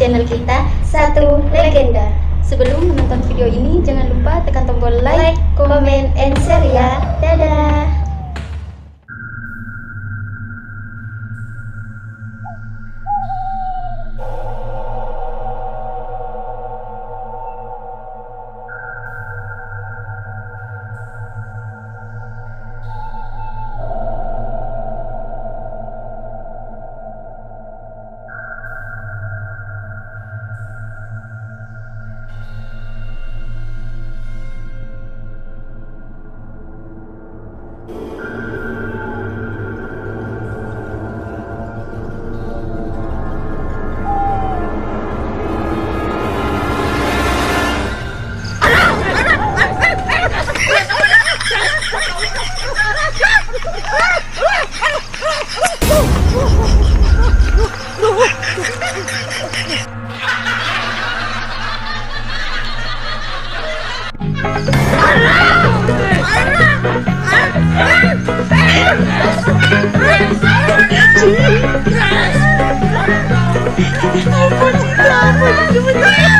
channel kita Satu Legenda. Sebelum menonton video ini, jangan lupa tekan tombol like, comment, and share ya. Dadah! Pode entrar, pode entrar.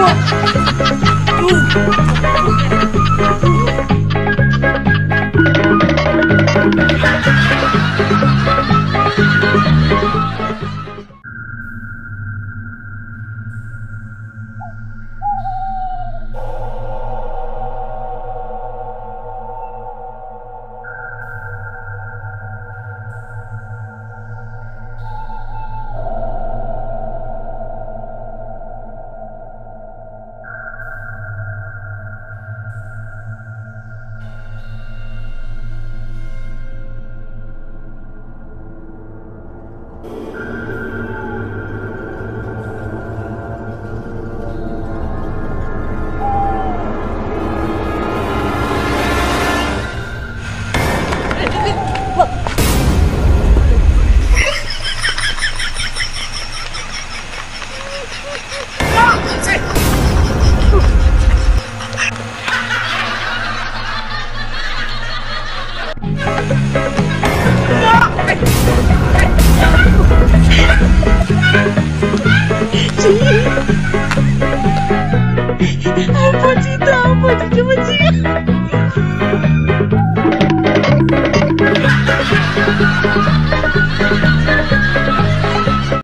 One, two,